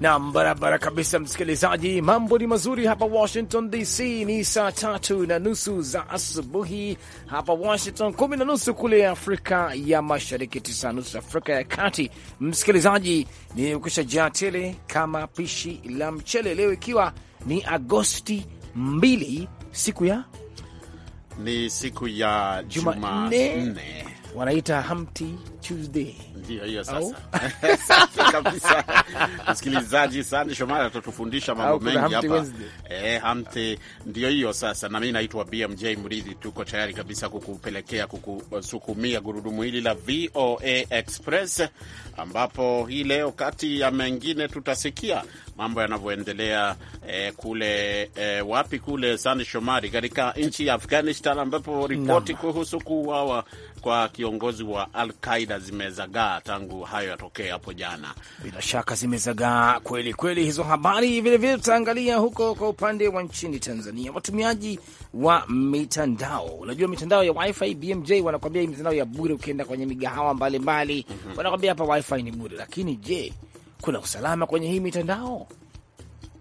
Nam, barabara kabisa, msikilizaji. Mambo ni mazuri hapa Washington DC, ni saa tatu na nusu za asubuhi hapa Washington, kumi na nusu kule Afrika ya Mashariki, tisa nusu Afrika ya Kati. Msikilizaji, ni kukusha jaa tele kama pishi la mchele, leo ikiwa ni Agosti mbili, siku ya ni siku ya Jumanne wanaita Hamti Tuesday. Ndio hiyo sasa. kabisa. Msikilizaji, Sande Shomari atatufundisha mambo mengi hapa. Eh, ndio hiyo sasa. Na mimi naitwa BMJ Mridhi, tuko tayari kabisa kukupelekea kukusukumia gurudumu hili la VOA Express, ambapo hii leo kati ya mengine tutasikia mambo yanavyoendelea eh, kule eh, wapi kule Sande Shomari, katika nchi ya Afghanistan ambapo ripoti kuhusu kuuawa kwa kiongozi wa Al Qaida zimezagaa tangu hayo yatokee hapo jana. Bila shaka zimezagaa kweli kweli hizo habari. Vilevile tutaangalia huko kwa upande wa nchini Tanzania, watumiaji wa mitandao. Unajua mitandao ya wifi BMJ wanakwambia mitandao ya bure, ukienda kwenye migahawa mbalimbali mm -hmm. wanakwambia hapa wifi ni bure, lakini je, kuna usalama kwenye hii mitandao?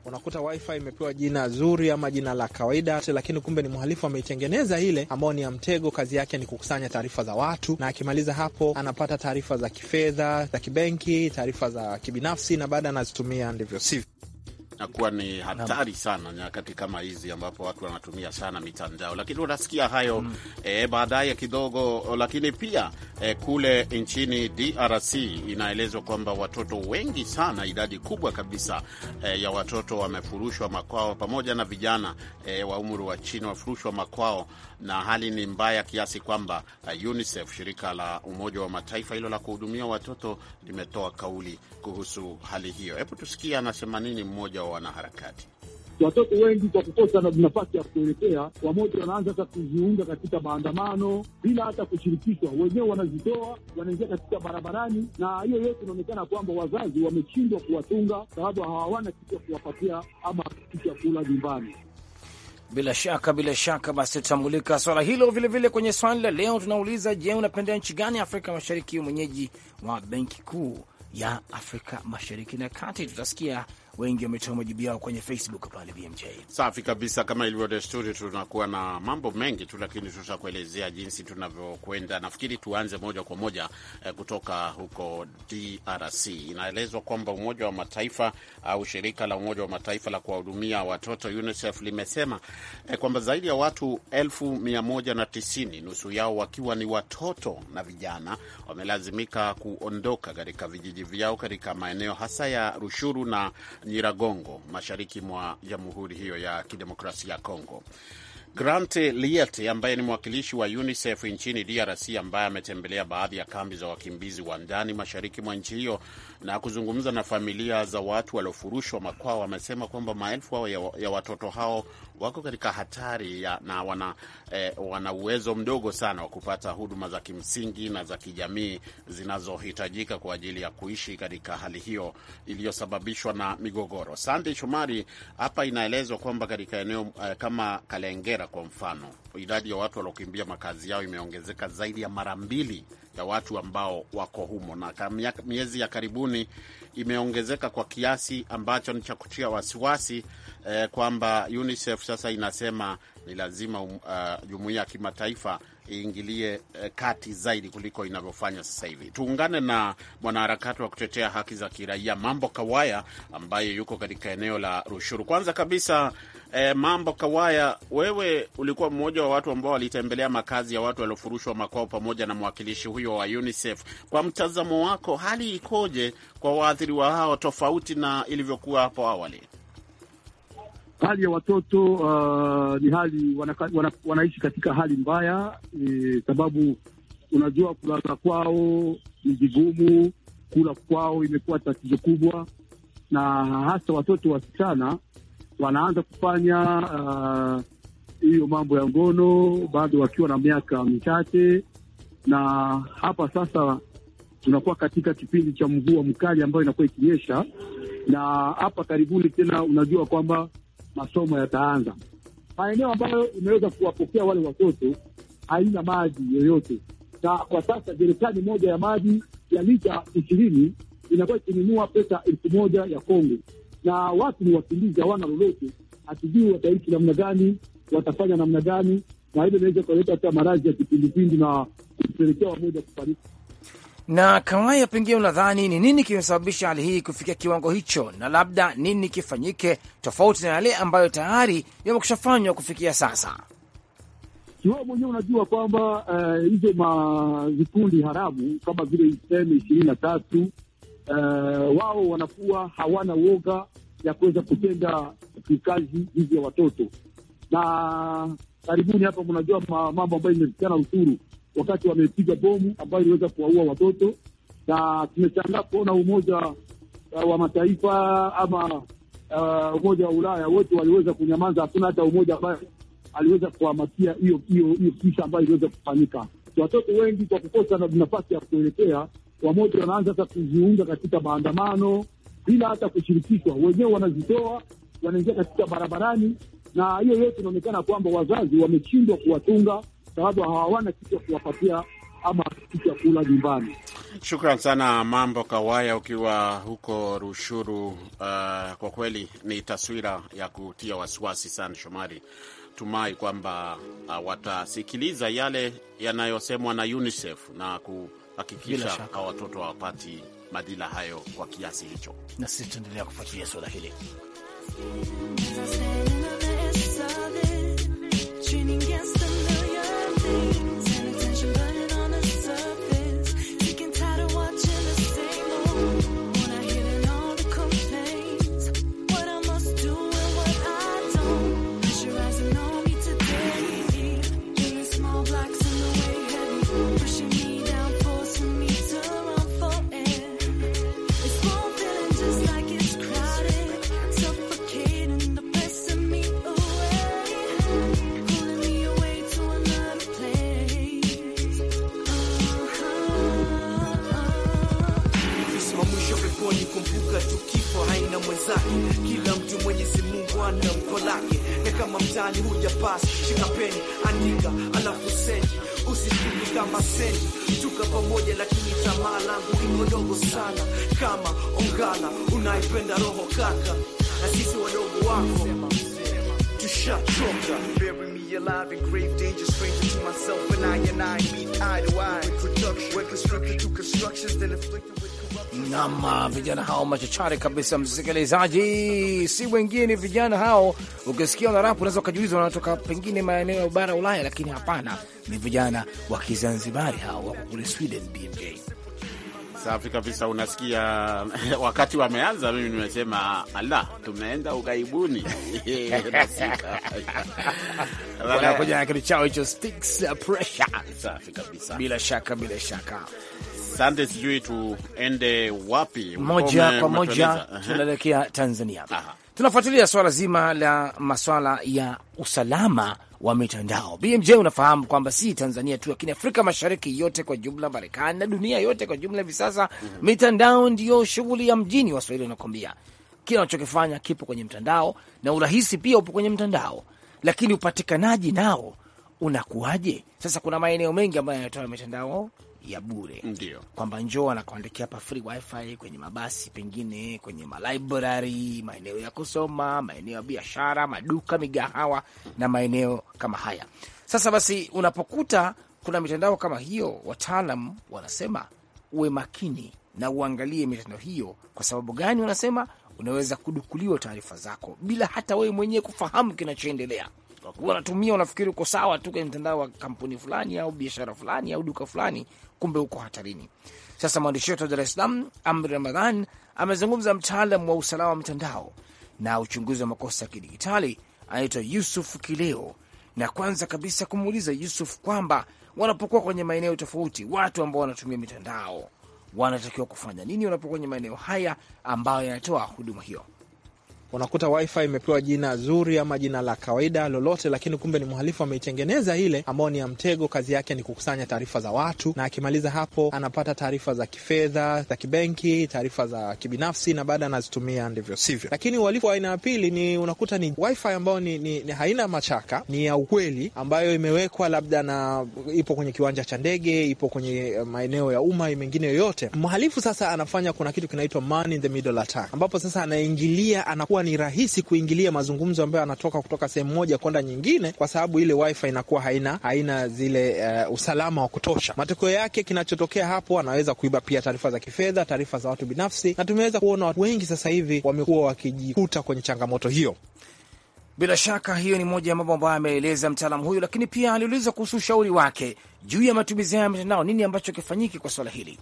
unakuta wifi imepewa jina zuri ama jina la kawaida, lakini kumbe ni mhalifu ameitengeneza ile, ambao ni ya mtego. Kazi yake ni kukusanya taarifa za watu, na akimaliza hapo anapata taarifa za kifedha, za kibenki, taarifa za kibinafsi, na baada anazitumia ndivyo sivyo nakuwa ni hatari sana nyakati kama hizi ambapo watu wanatumia sana mitandao, lakini unasikia hayo mm. E, baadaye kidogo. Lakini pia e, kule nchini DRC inaelezwa kwamba watoto wengi sana, idadi kubwa kabisa e, ya watoto wamefurushwa makwao pamoja na vijana e, wa umri wa chini wafurushwa makwao, na hali ni mbaya kiasi kwamba uh, UNICEF shirika la Umoja wa Mataifa hilo la kuhudumia watoto limetoa kauli kuhusu hali hiyo. Hebu tusikie anasema nini mmoja wa wanaharakati watoto wengi kwa kukosa nafasi ya kuelekea, wamoja wanaanza hata kujiunga katika maandamano bila hata kushirikishwa, wenyewe wanazitoa, wanaingia katika barabarani, na hiyo yote inaonekana kwamba wazazi wameshindwa kuwatunga, sababu hawana kitu ya kuwapatia ama kitu ya kula nyumbani. Bila shaka, bila shaka, basi tutamulika swala hilo vilevile vile. Kwenye swali la leo tunauliza, je, unapendea nchi gani Afrika Mashariki mwenyeji wa benki kuu ya Afrika Mashariki na Kati? tutasikia wengi wametoa majibu yao kwenye Facebook pale. BMJ, safi kabisa. Kama ilivyo desturi, tunakuwa na mambo mengi tu, lakini tutakuelezea jinsi tunavyokwenda. Nafikiri tuanze moja kwa moja eh, kutoka huko DRC. Inaelezwa kwamba Umoja wa Mataifa au shirika la Umoja wa Mataifa la kuwahudumia watoto UNICEF limesema eh, kwamba zaidi ya watu elfu mia moja na tisini, nusu yao wakiwa ni watoto na vijana, wamelazimika kuondoka katika vijiji vyao katika maeneo hasa ya Rushuru na Nyiragongo, mashariki mwa jamhuri hiyo ya kidemokrasia ya Kongo. Grant Liet ambaye ni mwakilishi wa UNICEF nchini DRC ambaye ametembelea baadhi ya kambi za wakimbizi wa ndani mashariki mwa nchi hiyo na kuzungumza na familia za watu waliofurushwa makwao, amesema kwamba maelfu hao ya, ya watoto hao wako katika hatari ya, na wana, eh, wana uwezo mdogo sana wa kupata huduma za kimsingi na za kijamii zinazohitajika kwa ajili ya kuishi katika hali hiyo iliyosababishwa na migogoro. Sande Shomari, hapa inaelezwa kwamba katika eneo eh, kama Kalengera kwa mfano, idadi ya watu waliokimbia makazi yao imeongezeka zaidi ya mara mbili ya watu ambao wako humo, na miezi ya karibuni imeongezeka kwa kiasi ambacho ni cha kutia wasiwasi eh, kwamba UNICEF sasa inasema ni lazima jumuiya um, uh, ya kimataifa iingilie eh, kati zaidi kuliko inavyofanya sasa hivi. Tuungane na mwanaharakati wa kutetea haki za kiraia Mambo Kawaya ambaye yuko katika eneo la Rushuru. Kwanza kabisa eh, Mambo Kawaya, wewe ulikuwa mmoja wa watu ambao walitembelea makazi ya watu waliofurushwa makwao pamoja na mwakilishi huyo wa UNICEF. Kwa mtazamo wako, hali ikoje kwa waathiriwa hao tofauti na ilivyokuwa hapo awali? hali ya watoto uh, ni hali wanaka, wana, wanaishi katika hali mbaya e, sababu unajua kulala kwao ni vigumu, kula kwao imekuwa tatizo kubwa, na hasa watoto wasichana wanaanza kufanya uh, hiyo uh, mambo ya ngono bado wakiwa na miaka michache, na hapa sasa tunakuwa katika kipindi cha mvua mkali ambayo inakuwa ikinyesha, na hapa karibuni tena unajua kwamba masomo yataanza. Maeneo ambayo imeweza kuwapokea wale watoto haina maji yoyote, na kwa sasa jerikani moja ya maji ya lita ishirini inakuwa ikinunua pesa elfu moja ya Kongo, na watu ni wakimbizi, hawana lolote, hatujui wataishi namna gani, watafanya namna gani, na hilo inaweza kuleta hata maradhi ya kipindupindu na kupelekea wamoja kufariki. Na Kawaya, pengine unadhani ni nini kimesababisha hali hii kufikia kiwango hicho, na labda nini kifanyike tofauti na yale ambayo tayari yamekushafanywa kufikia sasa? Kiwao mwenyewe unajua kwamba eh, hizo uh, mavikundi haramu kama vile iseme ishirini na tatu uh, wao wanakuwa hawana woga ya kuweza kutenda kikazi hizi ya watoto, na karibuni hapa mnajua mambo ambayo imefikana Rusuru wakati wamepiga bomu ambayo iliweza kuwaua watoto, na tumeshangaa kuona Umoja uh, wa Mataifa ama uh, Umoja wa Ulaya wote waliweza kunyamaza. Hakuna hata umoja ambaye aliweza kuhamakia hiyo hiyo hiyo kisha ambayo iliweza kufanyika. Watoto wengi kwa kukosa na nafasi ya kuelekea, wamoja wanaanza hata kujiunga katika maandamano bila hata kushirikishwa, wenyewe wanazitoa wanaingia katika barabarani, na hiyo yote inaonekana kwamba wazazi wameshindwa kuwatunga sababu hawana kitu ya kuwapatia ama kitu ya kula nyumbani. Shukran sana Mambo Kawaya, ukiwa huko Rushuru. Uh, kwa kweli ni taswira ya kutia wasiwasi sana, Shomari. Tumai kwamba uh, watasikiliza yale yanayosemwa na UNICEF na kuhakikisha a watoto hawapati madhila hayo kwa kiasi hicho, na sisi tuendelea kufuatilia suala hili. Kila kifo haina mwenzake, kila mtu Mwenyezi Mungu ana mko lake. Na kama mtani huja pasi, shika peni, andika alafu sendi, usifiki kama sendi. Tuka pamoja, lakini tamaa langu iko dogo sana. Kama ungana unaipenda roho kaka, na sisi wadogo wako tushachoka. Alive in grave danger, stranger to myself and I and I meet eye to eye. With production, to constructions, then afflicted with Nam, vijana hao machachari kabisa, msikilizaji, si wengine vijana hao. Ukisikia rap unaweza ukajiuliza wanatoka pengine maeneo ya bara Ulaya, lakini hapana, ni vijana wa Kizanzibari hao, wako kule Sweden. BMJ safi kabisa. Unasikia wakati wameanza, mimi nimesema ala, tumeenda ughaibuni wanakuja na kitu chao hicho, safi kabisa, bila shaka, bila shaka Sande, sijui tuende wapi? Moja kwa moja tunaelekea Tanzania. Tunafuatilia swala zima la maswala ya usalama wa mitandao. BMJ, unafahamu kwamba si Tanzania tu, lakini Afrika Mashariki yote kwa jumla, Marekani na dunia yote kwa jumla, hivi sasa mm -hmm. mitandao ndiyo shughuli ya mjini, Waswahili wanakuambia kila unachokifanya kipo kwenye mtandao, na urahisi pia upo kwenye mtandao, lakini upatikanaji nao unakuwaje? Sasa kuna maeneo mengi ambayo yanatoa mitandao ya bure, ndio kwamba njoo anakuandikia hapa free wifi kwenye mabasi, pengine kwenye malibrary, maeneo ya kusoma, maeneo ya biashara, maduka, migahawa na maeneo kama haya. Sasa basi, unapokuta kuna mitandao kama hiyo, wataalam wanasema uwe makini na uangalie mitandao hiyo. Kwa sababu gani? Wanasema unaweza kudukuliwa taarifa zako bila hata wewe mwenyewe kufahamu kinachoendelea wakuwa wanatumia, unafikiri uko sawa tu kwenye mtandao wa kampuni fulani au biashara fulani au duka fulani, kumbe uko hatarini. Sasa mwandishi wetu wa Dar es Salaam Amri Ramadhan amezungumza mtaalam wa usalama wa mtandao na uchunguzi wa makosa ya kidigitali anaitwa Yusuf Kileo, na kwanza kabisa kumuuliza Yusuf kwamba wanapokuwa kwenye maeneo tofauti, watu ambao wanatumia mitandao wanatakiwa kufanya nini wanapokuwa kwenye maeneo haya ambayo yanatoa huduma hiyo? unakuta wifi imepewa jina zuri ama jina la kawaida lolote, lakini kumbe ni mhalifu ameitengeneza ile ambayo ni ya mtego. Kazi yake ni kukusanya taarifa za watu, na akimaliza hapo anapata taarifa za kifedha, za kibenki, taarifa za kibinafsi, na baada anazitumia ndivyo sivyo. Lakini uhalifu wa aina ya pili ni unakuta ni wifi ambayo ni, ni, ni haina machaka, ni ya ukweli ambayo imewekwa labda na ipo kwenye kiwanja cha ndege, ipo kwenye eh, maeneo ya umma, mengine yoyote. Mhalifu sasa anafanya kuna kitu kinaitwa man in the middle attack, ambapo sasa anaingilia anakuwa inakuwa ni rahisi kuingilia mazungumzo ambayo anatoka kutoka sehemu moja kwenda nyingine, kwa sababu ile wifi inakuwa haina, haina zile uh, usalama wa kutosha. Matokeo yake kinachotokea hapo, anaweza kuiba pia taarifa za kifedha, taarifa za watu binafsi, na tumeweza kuona watu wengi sasa hivi wamekuwa wakijikuta kwenye changamoto hiyo. Bila shaka hiyo ni moja ya mambo ambayo ameeleza mtaalamu huyu, lakini pia aliuliza kuhusu ushauri wake juu ya matumizi haya ya mitandao, nini ambacho kifanyike kwa swala hili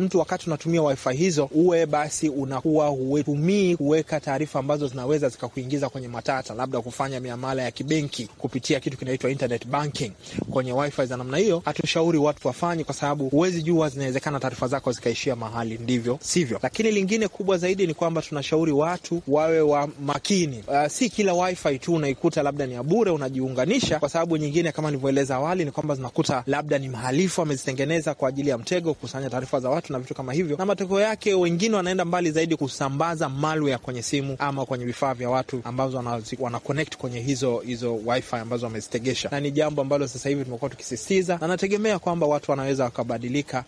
mtu wakati unatumia wifi hizo uwe basi unakuwa hutumii kuweka taarifa ambazo zinaweza zikakuingiza kwenye matata, labda kufanya miamala ya kibenki kupitia kitu kinaitwa internet banking kwenye wifi za namna hiyo. Hatushauri watu wafanye, kwa sababu huwezi jua, zinawezekana taarifa zako zikaishia mahali ndivyo sivyo. Lakini lingine kubwa zaidi ni kwamba tunashauri watu wawe wa makini. Uh, si kila wifi tu unaikuta labda ni ya bure unajiunganisha, kwa sababu nyingine kama nilivyoeleza awali ni kwamba zinakuta labda ni mhalifu amezitengeneza kwa ajili ya mtego, kukusanya taarifa za watu na vitu kama hivyo, na matokeo yake wengine wanaenda mbali zaidi kusambaza malware kwenye simu ama kwenye vifaa vya watu ambazo wana, connect kwenye hizo hizo wifi ambazo wamezitegesha, na ni jambo ambalo sasa hivi tumekuwa tukisisitiza, na nategemea kwamba watu wanaweza wakabadilika.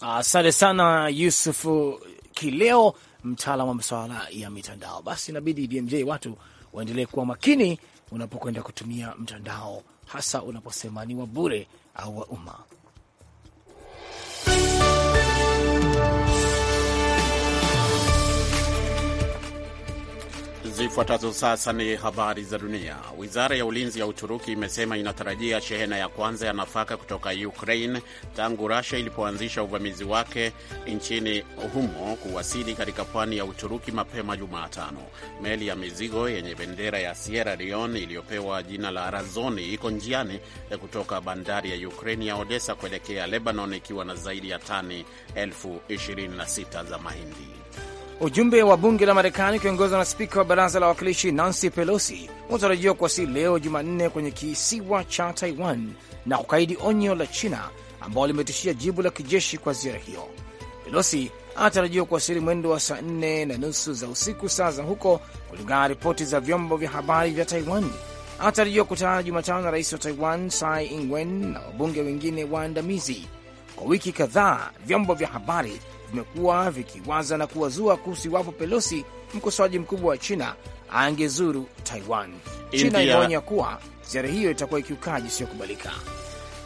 Asante sana yusuf Kileo, mtaalam wa masuala ya mitandao. Basi inabidi DMJ watu waendelee kuwa makini unapokwenda kutumia mtandao, hasa unaposema ni wa bure au wa umma. Zifuatazo sasa ni habari za dunia. Wizara ya ulinzi ya Uturuki imesema inatarajia shehena ya kwanza ya nafaka kutoka Ukraine tangu Russia ilipoanzisha uvamizi wake nchini humo kuwasili katika pwani ya Uturuki mapema Jumatano. Meli ya mizigo yenye bendera ya Sierra Leone iliyopewa jina la Razoni iko njiani kutoka bandari ya Ukraine ya Odessa kuelekea Lebanon ikiwa na zaidi ya tani elfu 26 za mahindi. Ujumbe wa bunge la Marekani ukiongozwa na spika wa baraza la wawakilishi Nancy Pelosi unatarajiwa kuwasili leo Jumanne kwenye kisiwa cha Taiwan na kukaidi onyo la China ambao limetishia jibu la kijeshi kwa ziara hiyo. Pelosi anatarajiwa kuwasili mwendo wa saa nne na nusu za usiku saa za huko, kulingana na ripoti za vyombo vya habari vya Taiwan. Anatarajiwa kukutana Jumatano na rais wa Taiwan Tsai Ing-wen na wabunge wengine waandamizi. Kwa wiki kadhaa vyombo vya habari vimekuwa vikiwaza na kuwazua kuhusu iwapo Pelosi, mkosoaji mkubwa wa China, angezuru Taiwan. China inaonya kuwa ziara hiyo itakuwa ikiukaji isiyokubalika.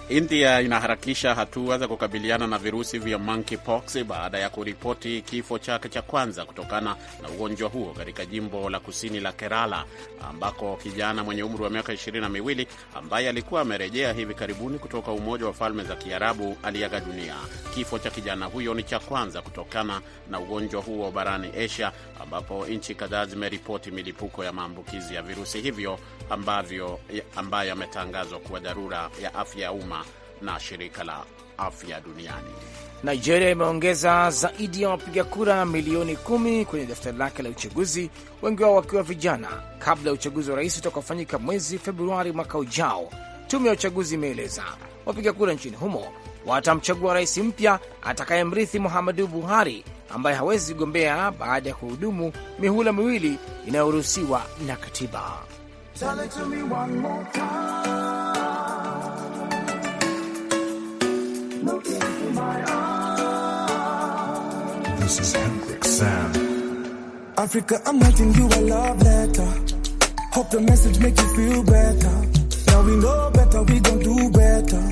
India inaharakisha hatua za kukabiliana na virusi vya monkeypox baada ya kuripoti kifo chake cha kwanza kutokana na ugonjwa huo katika jimbo la kusini la Kerala, ambako kijana mwenye umri wa miaka ishirini na miwili ambaye alikuwa amerejea hivi karibuni kutoka Umoja wa Falme za Kiarabu aliaga dunia. Kifo cha kijana huyo ni cha kwanza kutokana na ugonjwa huo barani Asia, ambapo nchi kadhaa zimeripoti milipuko ya maambukizi ya virusi hivyo ambavyo ambayo yametangazwa kuwa dharura ya afya ya umma na shirika la afya duniani. Nigeria imeongeza zaidi ya wapiga kura milioni kumi kwenye daftari lake la uchaguzi, wengi wao wakiwa vijana, kabla ya uchaguzi wa rais utakaofanyika mwezi Februari mwaka ujao. Tume ya uchaguzi imeeleza wapiga kura nchini humo watamchagua rais mpya atakayemrithi Muhammadu Buhari ambaye hawezi kugombea baada ya kuhudumu mihula miwili inayoruhusiwa na katiba. This is Hendrik Sam. Africa, I'm writing you a love letter. Hope the message make you feel better. Now we know better, we gon' do better.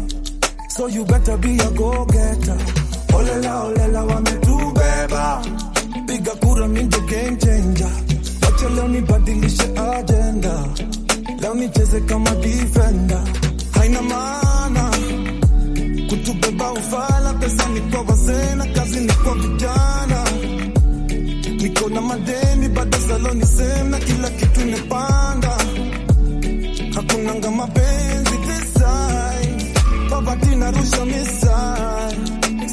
So you better be a go-getter. Olela, olela, wametubeba. Piga kura, mi ndio game changer. Wacha leo nibadilishe agenda. Leo nicheze kama defender. Haina maana kutubeba ufala. Pesa ni kwa wazee na kazi ni kwa vijana. Niko na madeni bado saloni same na kila kitu imepanda, hakuna nga mapenzi design poverty na rusha misai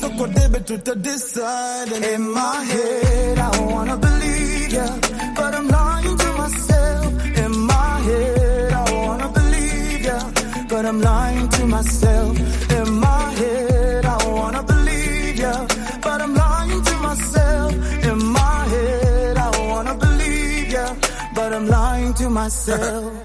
soko debe tuta decide in my head I wanna believe ya but I'm lying to myself in my head I wanna believe ya but I'm lying to myself in my head. I wanna believe ya, but I'm lying to myself. In my head, I wanna believe ya, but I'm lying to myself.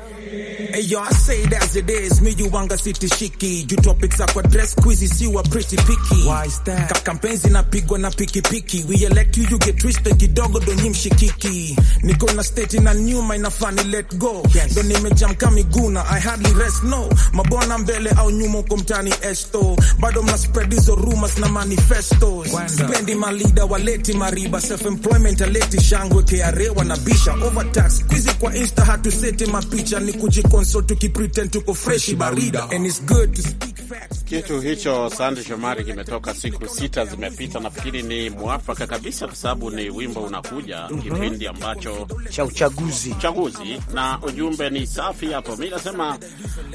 Hey, yo, I say it as it is. Me you wanga sitishiki. Juu topics za kwa dress quiz si wa pretty picky. Why is that? Kaka mpenzi napigwa na piki piki. We elect you you get twisted kidogo donyi mshikiki. Niko na state na nyuma inafani let go. Yes. Don nimejamka miguna I hardly rest no. Mabwana mbele au nyuma uko esto. Bado mna spread hizo rumors na manifestos. Sipendi malida waleti mariba. Self employment aleti shangwe KRA wanabisha. Overtax quiz kwa Insta hatuseti mapicha ni kujikon so tukipretend tuko barida and it's good to speak facts. Kitu hicho Sande Shomari kimetoka siku sita zimepita, nafikiri ni mwafaka kabisa, kwa sababu ni wimbo unakuja mhm. kipindi ambacho cha uchaguzi uchaguzi, na ujumbe ni safi hapo. Mi nasema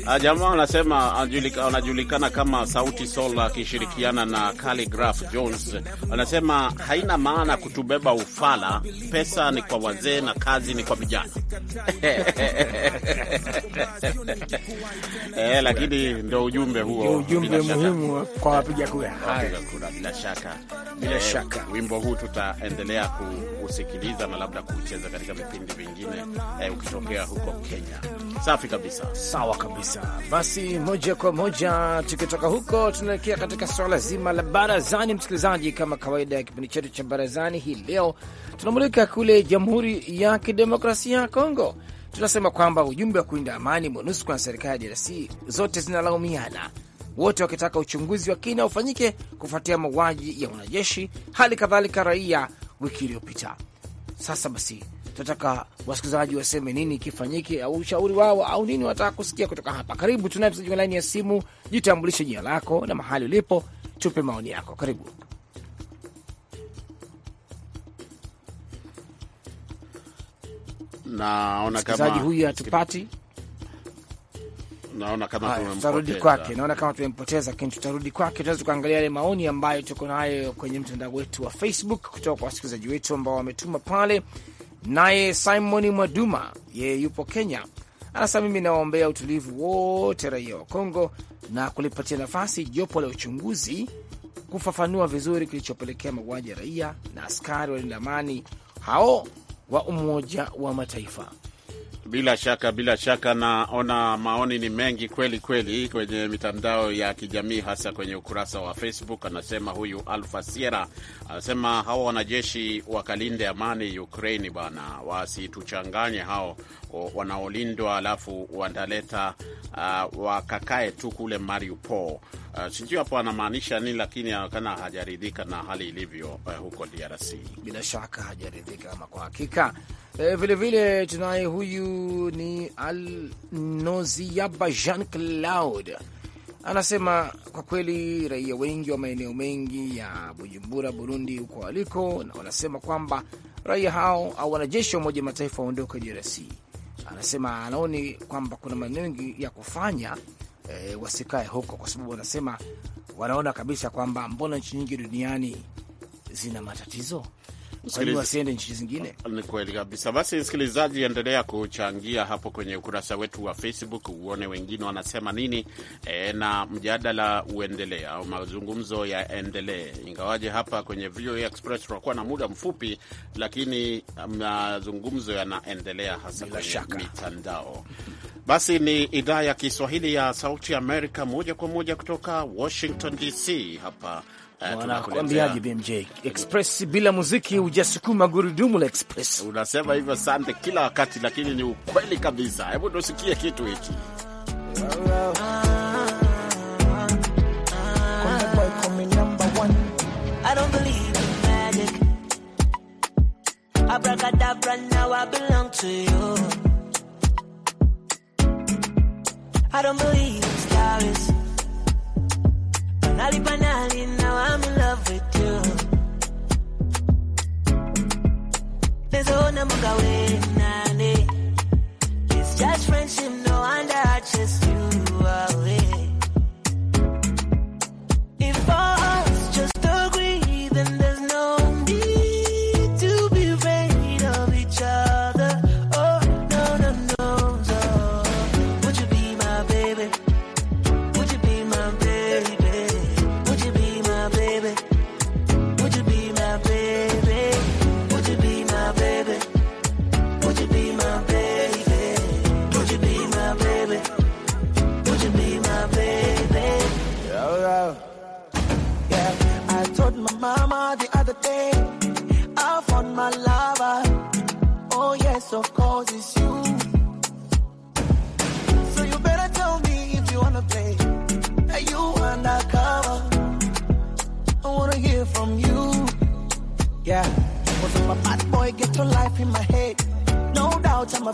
ah, jamaa anasema anajulikana kama Sauti Sol akishirikiana na Khaligraph Jones anasema haina maana kutubeba ufala, pesa ni kwa wazee na kazi ni kwa vijana. Eh, eh, lakini ndo ujumbe huo, ujumbe muhimu kwa wapiga kura, bila shaka, bila eh, shaka. Wimbo huu tutaendelea ku kusikiliza na labda kucheza katika vipindi vingine eh, ukitokea huko Kenya. Safi kabisa, sawa kabisa. Basi moja kwa moja tukitoka huko, tunaelekea katika swala zima la barazani. Msikilizaji, kama kawaida ya kipindi chetu cha barazani, hii leo tunamulika kule Jamhuri ya Kidemokrasia ya Kongo. Tunasema kwamba ujumbe wa kulinda amani MONUSCO na serikali ya DRC zote zinalaumiana wote wakitaka uchunguzi wa kina ufanyike kufuatia mauaji ya wanajeshi, hali kadhalika raia wiki iliyopita. Sasa basi, tunataka wasikilizaji waseme nini kifanyike, au ushauri wao au nini wataka kusikia kutoka hapa. Karibu, tunaye msikilizaji wa laini ya simu. Jitambulishe jina lako na mahali ulipo, tupe maoni yako. Karibu. Naona kama huyu hatupati naona kama tutarudi kwake, naona kama tumempoteza, lakini tutarudi kwake. Tunaweza tukaangalia yale maoni ambayo tuko nayo kwenye mtandao wetu wa Facebook kutoka kwa wasikilizaji wetu ambao wametuma pale. Naye Simon Mwaduma, yeye yupo Kenya, anasema mimi nawaombea utulivu wote raia wa Kongo na kulipatia nafasi jopo la uchunguzi kufafanua vizuri kilichopelekea mauaji ya raia na askari walinda amani hao wa Umoja wa Mataifa. Bila shaka, bila shaka, naona maoni ni mengi kweli kweli kwenye mitandao ya kijamii, hasa kwenye ukurasa wa Facebook. Anasema huyu Alfa Siera, anasema hawa wanajeshi wakalinde amani Ukraini bwana, wasituchanganye hao wanaolindwa, alafu wataleta uh, wakakae tu kule Mariupol. Uh, sijui hapo anamaanisha nini, lakini anaonekana hajaridhika na hali ilivyo uh, huko DRC. Bila shaka hajaridhika ama kwa hakika vilevile. tunaye huyu ni Alnoziaba Jean Claude anasema kwa kweli raia wengi wa maeneo mengi ya Bujumbura, Burundi, huko waliko, na wanasema kwamba raia hao au wanajeshi wa Umoja Mataifa waondoke DRC. Anasema anaoni kwamba kuna maeneo mengi ya kufanya e, wasikae huko, kwa sababu wanasema wanaona kabisa kwamba mbona nchi nyingi duniani zina matatizo wasiende nchi zingine. Ni kweli kabisa. Basi msikilizaji, endelea kuchangia hapo kwenye ukurasa wetu wa Facebook uone wengine wanasema nini. E, na mjadala uendelee au mazungumzo yaendelee, ingawaje hapa kwenye VOA Express tunakuwa na muda mfupi, lakini um, mazungumzo yanaendelea hasa kwenye mitandao basi ni idhaa ya Kiswahili ya Sauti Amerika, moja kwa moja kutoka Washington DC. Hapa eh, wanakuambiaje BMJ Express bila muziki hujasukuma gurudumu la Express. Unasema hivyo sande kila wakati, lakini ni ukweli kabisa. Hebu tusikie kitu hiki I don't believe in stories. Banali, banali, now I'm in love with you. There's Nezoona munga we nani. It's just friendship, no wonder I just you.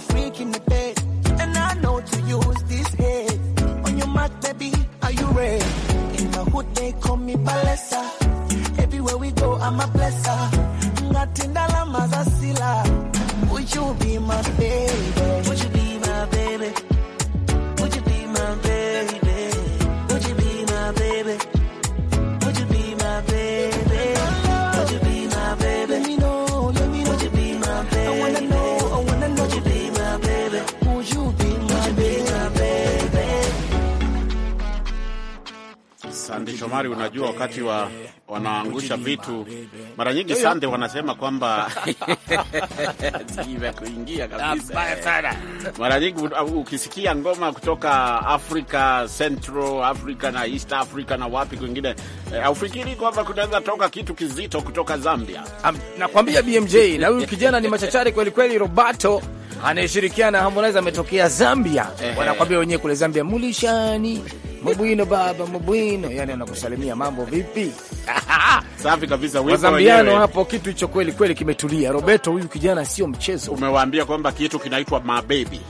freak in the bed. And I know to use this head. On your mark, baby, are you ready? In the hood, they call me Balesa. Everywhere we go, I'm a blesser. Nothing that I'm as a sila. Would you be my baby? Would you be my baby? Would you be my baby? Shomari, unajua wakati wa wanaangusha vitu mara nyingi sande wanasema kwamba Mara nyingi ukisikia ngoma kutoka Africa Central Africa na East Africa na wapi kwingine, eh, aufikiri kwamba kunaweza toka kitu kizito kutoka Zambia. Nakwambia BMJ na huyu kijana ni machachari kwelikweli robato Roberto anayeshirikiana na Harmonize ametokea Zambia. Wanakwambia wenyewe kule Zambia mulishani Mabwino baba mabwino, yani anakusalimia mambo vipi? Safi kabisa, wazambiano hapo, kitu hicho kweli kweli kimetulia. Roberto, huyu kijana sio mchezo. Umewaambia kwamba kitu kinaitwa mabebi,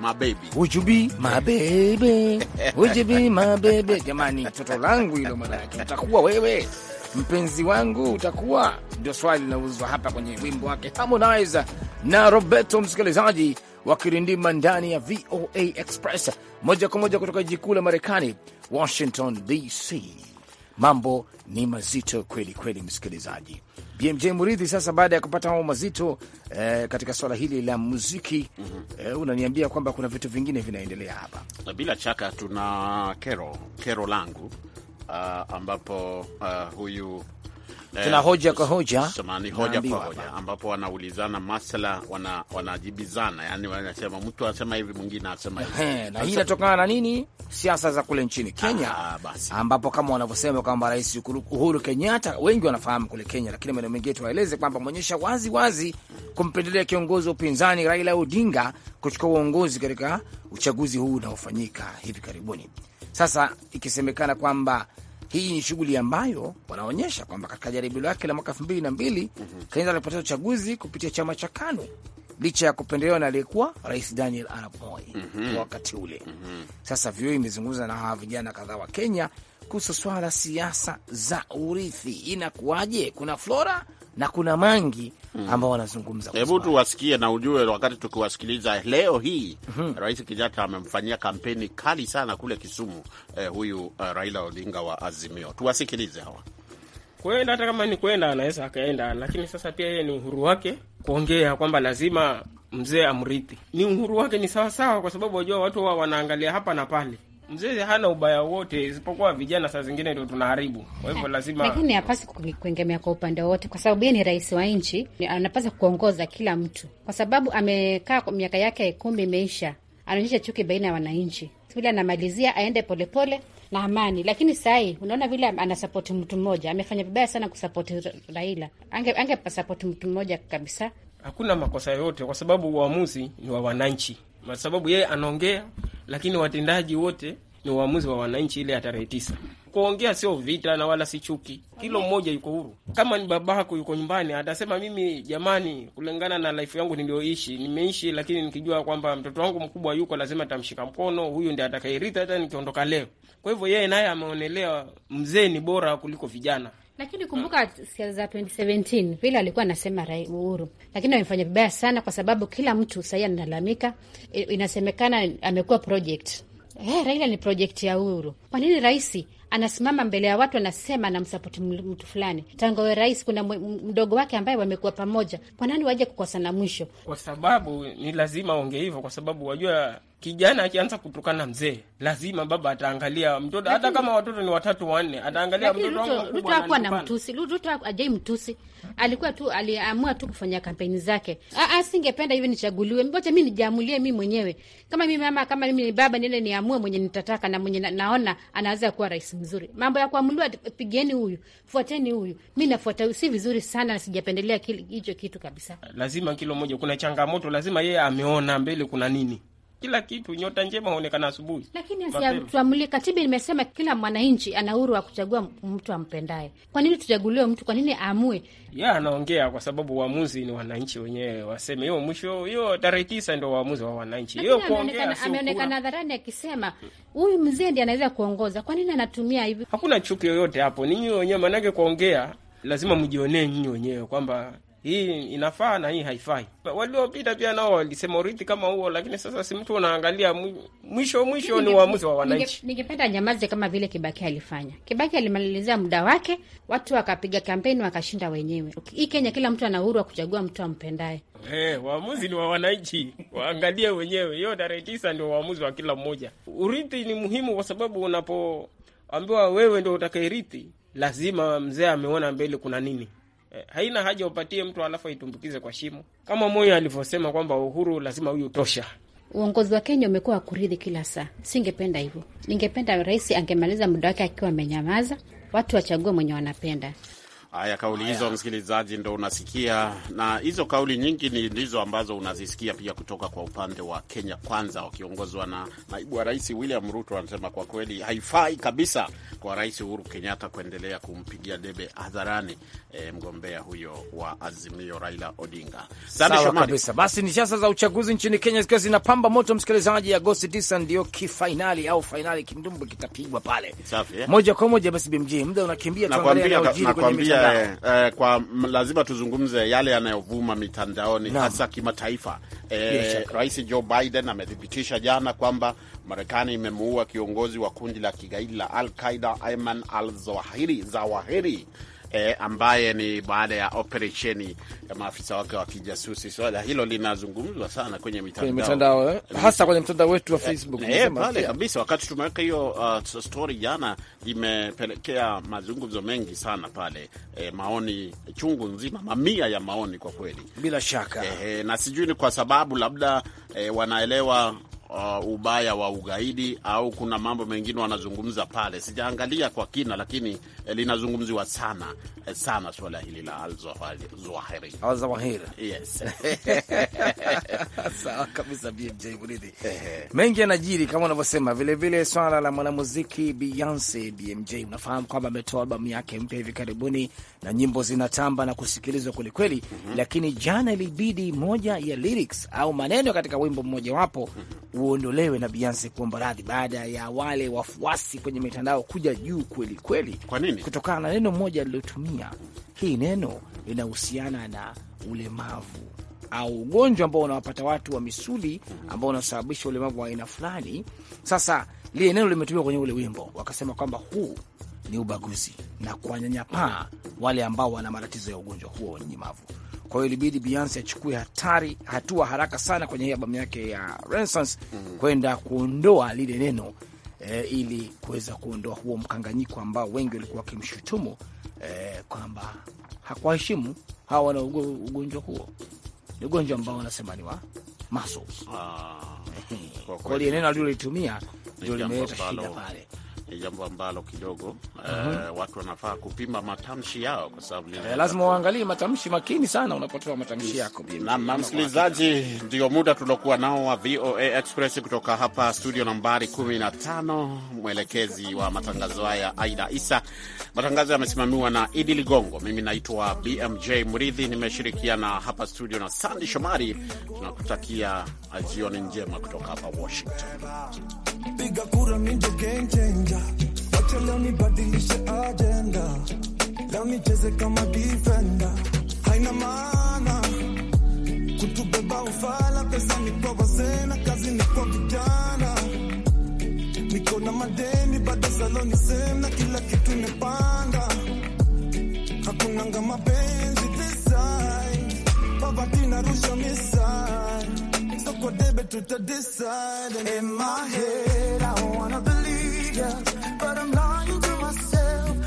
mabebi ujubi, mabebi ujubi, mabebi. Jamani, toto langu hilo, manake utakuwa wewe mpenzi wangu utakuwa, ndio swali linauzwa hapa kwenye wimbo wake Harmonize na Roberto. Msikilizaji wakirindima ndani ya VOA Express moja kwa moja kutoka jiji kuu la Marekani, Washington DC. Mambo ni mazito kweli kweli, msikilizaji. BMJ Muridhi, sasa baada ya kupata mambo mazito eh, katika swala hili la muziki mm -hmm. eh, unaniambia kwamba kuna vitu vingine vinaendelea hapa. Bila shaka tuna kero, kero langu uh, ambapo uh, huyu Eh, tuna hoja kwa hoja, samani hoja kwa hoja, ambapo wanaulizana masala, wanajibizana, yani wanasema, mtu anasema hivi, mwingine anasema hivi, na hii inatokana na nini? Siasa za kule nchini Kenya. Aa, ah, ambapo kama wanavyosema kwamba Rais Uhuru Kenyatta, wengi wanafahamu kule Kenya, lakini maeneo mengine tuwaeleze kwamba mwonyesha wazi wazi kumpendelea kiongozi wa upinzani Raila Odinga kuchukua uongozi katika uchaguzi huu unaofanyika hivi karibuni. Sasa ikisemekana kwamba hii ni shughuli ambayo wanaonyesha kwamba katika jaribio lake la mwaka elfu mbili na mbili mm -hmm. Kenyatta alipoteza uchaguzi kupitia chama cha KANU licha ya kupendelewa na aliyekuwa rais Daniel Arap Moi mm -hmm. kwa wakati ule mm -hmm. Sasa vyo imezungumza na hawa vijana kadhaa wa Kenya kuhusu swala siasa za urithi, inakuwaje? Kuna flora na kuna mangi hmm. ambao wanazungumza. Hebu tuwasikie na ujue, wakati tukiwasikiliza leo hii mm -hmm. Rais Kenyatta amemfanyia kampeni kali sana kule Kisumu eh, huyu uh, Raila Odinga wa Azimio. Tuwasikilize hawa. Kwenda hata kama ni kwenda, anaweza akaenda, lakini sasa pia yeye ni uhuru wake kuongea kwamba lazima mzee amrithi, ni uhuru wake, ni sawasawa, kwa sababu wajua watu wa wanaangalia hapa na pale mzee hana ubaya wote, isipokuwa vijana saa zingine ndio tunaharibu. Kwa hivyo eh, lazima, lakini hapasi kuengemea kwa upande wote, kwa sababu yeye ni rais wa nchi, anapasa kuongoza kila mtu, kwa sababu amekaa miaka yake kumi imeisha, anaonyesha chuki baina ya wananchi vile anamalizia aende polepole pole na amani, lakini sahi unaona vile anasapoti mtu mmoja. Amefanya vibaya sana kusapoti Raila, ange ange pasapoti mtu mmoja kabisa. Hakuna makosa yoyote, kwa sababu uamuzi ni wa wananchi kwa sababu yeye anaongea, lakini watendaji wote ni uamuzi wa wananchi ile ya tarehe tisa. Kuongea sio vita na wala si chuki. kilo mmoja yuko huru. Kama ni babako yuko nyumbani, atasema mimi, jamani, kulingana na life yangu niliyoishi, nimeishi, lakini nikijua kwamba mtoto wangu mkubwa yuko, lazima tamshika mkono, huyu ndi atakayerithi hata nikiondoka leo. Kwa hivyo yeye naye ameonelea mzee ni bora kuliko vijana. Lakini ah. kumbuka siasa za 2017 vile alikuwa anasema Rai Uhuru, lakini amefanya vibaya sana, kwa sababu kila mtu sahii analalamika. Inasemekana amekuwa project eh, Raila ni project ya Uhuru. Kwa nini rais anasimama mbele ya watu anasema anamsapoti mtu fulani. Tangawe rais kuna mdogo wake ambaye wamekuwa pamoja, kwa nani waje kukosana mwisho? Kwa sababu ni lazima onge hivyo, kwa sababu wajua kijana akianza kutokana mzee, lazima baba ataangalia mtoto, hata kama watoto ni watatu wanne, ataangalia mtoto wangu. Ruto hakuwa na mtusi, Ruto ajai mtusi, alikuwa tu aliamua tu kufanya kampeni zake. Asingependa hivi nichaguliwe, mbocha mi nijiamulie mi mwenyewe, kama mi mama, kama mimi ni baba, niende niamue mwenye nitataka na mwenye naona anaweza kuwa rais mzuri. Mambo ya kuamuliwa, pigeni huyu, fuateni huyu, mi nafuata huyu, si vizuri sana, sijapendelea hicho kitu kabisa. Lazima kilo moja, kuna changamoto, lazima yeye ameona mbele kuna nini kila kitu. Nyota njema huonekana asubuhi, lakini asiatuamulie. Katiba imesema kila mwananchi ana uhuru wa kuchagua mtu ampendaye. Kwa nini tuchaguliwe mtu? Kwa nini aamue? Ya anaongea kwa sababu uamuzi ni wananchi wenyewe waseme. Hiyo mwisho hiyo tarehe tisa ndo uamuzi wa wananchi. Hiyo kuongea, ameonekana hadharani akisema huyu mzee ndiye anaweza kuongoza. Kwa nini anatumia hivi? Hakuna chuki yoyote hapo, ninyi wenyewe, maanake kuongea lazima mjionee nyinyi wenyewe kwamba hii inafaa na hii haifai. Waliopita pia nao walisema urithi kama huo, lakini sasa si mtu unaangalia mwisho mwisho, ni uamuzi wa wananchi. Ningependa nyamaze kama vile Kibaki alifanya. Kibaki alimalizia muda wake, watu wakapiga kampeni wakashinda wenyewe. Hii Kenya kila mtu ana uhuru wa kuchagua mtu ampendaye. Hey, waamuzi ni wa wananchi, waangalie wenyewe. Hiyo tarehe tisa ndio waamuzi wa kila mmoja. Urithi ni muhimu kwa sababu unapoambiwa wewe ndio utakairithi, lazima mzee ameona mbele kuna nini Eh, haina haja upatie mtu alafu aitumbukize kwa shimo, kama moyo alivyosema kwamba uhuru lazima huyu tosha. Uongozi wa Kenya umekuwa wa kuridhi kila saa. Singependa hivyo, ningependa rais angemaliza muda wake akiwa amenyamaza, watu wachague mwenye wanapenda. Haya, kauli hizo msikilizaji, ndo unasikia, na hizo kauli nyingi ni ndizo ambazo unazisikia pia kutoka kwa upande wa Kenya Kwanza, wakiongozwa na naibu wa rais William Ruto. Anasema kwa kweli haifai kabisa kwa Rais Uhuru Kenyatta kuendelea kumpigia debe hadharani e, mgombea huyo wa Azimio Raila Odinga. Sawa kabisa. Basi ni siasa za uchaguzi nchini Kenya zikiwa zinapamba moto, msikilizaji. Agosti 9 ndio kifainali au fainali, kimdumbu kitapigwa pale. Safi, eh? moja kwa moja. Basi BMJ, muda unakimbia, tuangalie kwenye eh, eh, kwa lazima tuzungumze yale yanayovuma mitandaoni no. hasa kimataifa eh, yes, Rais Joe Biden amethibitisha jana kwamba Marekani imemuua kiongozi wa kundi la kigaidi la Al Qaida Ayman al Zawahiri Zawahiri eh, ambaye ni baada ya operesheni ya maafisa wake wa kijasusi. Swala hilo linazungumzwa sana kwenye mitandao eh, hasa kwenye mtandao wetu wa e, Facebook eh, pale kabisa. Wakati tumeweka hiyo uh, story jana, imepelekea mazungumzo mengi sana pale eh, maoni chungu nzima, mamia ya maoni kwa kweli, bila shaka eh, na sijui ni kwa sababu labda eh, wanaelewa uh, ubaya wa ugaidi au kuna mambo mengine wanazungumza pale, sijaangalia kwa kina, lakini eh, linazungumziwa sana eh, sana suala hili la al-Zawahiri. Yes. Sawa kabisa BMJ Mridhi. Mengi yanajiri kama unavyosema, vilevile swala la mwanamuziki Beyonce. BMJ, unafahamu kwamba ametoa albamu yake mpya hivi karibuni na nyimbo zinatamba na kusikilizwa kwelikweli, mm -hmm. Lakini jana ilibidi moja ya lyrics au maneno katika wimbo mmojawapo mm -hmm uondolewe na Beyonce kuomba radhi baada ya wale wafuasi kwenye mitandao kuja juu kweli kweli. Kwa nini? Kutokana na neno moja alilotumia. Hii neno linahusiana na ulemavu au ugonjwa ambao unawapata watu wa misuli ambao unasababisha ulemavu wa aina fulani. Sasa lile neno limetumiwa kwenye ule wimbo, wakasema kwamba huu ni ubaguzi na kuwanyanyapaa wale ambao wana matatizo ya ugonjwa huo wa unyamavu. Kwa hiyo ilibidi Beyonce achukue hatari hatua haraka sana kwenye hii albamu yake ya Renaissance mm -hmm. kwenda kuondoa lile neno e, ili kuweza kuondoa huo mkanganyiko ambao wengi walikuwa wakimshutumu e, kwamba hakuwaheshimu hawa wana ugonjwa huo. Ni ugonjwa ambao wanasema ni wa muscles. Ah, kwa hiyo neno alilolitumia ndio limeleta shida pale ni jambo ambalo kidogo uh-huh. uh, watu wanafaa kupima matamshi yao kwa sababu eh, lazima waangalie matamshi makini sana unapotoa matamshi yako. Na msikilizaji, ndio muda tuliokuwa nao wa VOA Express kutoka hapa studio nambari 15. Mwelekezi wa matangazo haya Aida Isa, matangazo yamesimamiwa na Idi Ligongo. Mimi naitwa BMJ Mridhi, nimeshirikiana hapa studio na Sandi Shomari. Tunakutakia jioni njema kutoka hapa Washington leo nibadilishe ajenda, leo nicheze kama defender. Haina maana kutubeba ufala, pesa ni kwa wazee na kazi ni kwa vijana. Niko na madeni bado saloni same na kila kitu imepanda, hakunanga mapenzi tinarusha misai soko debe tuta decide in my head I wanna believe yeah. But I'm lying to myself.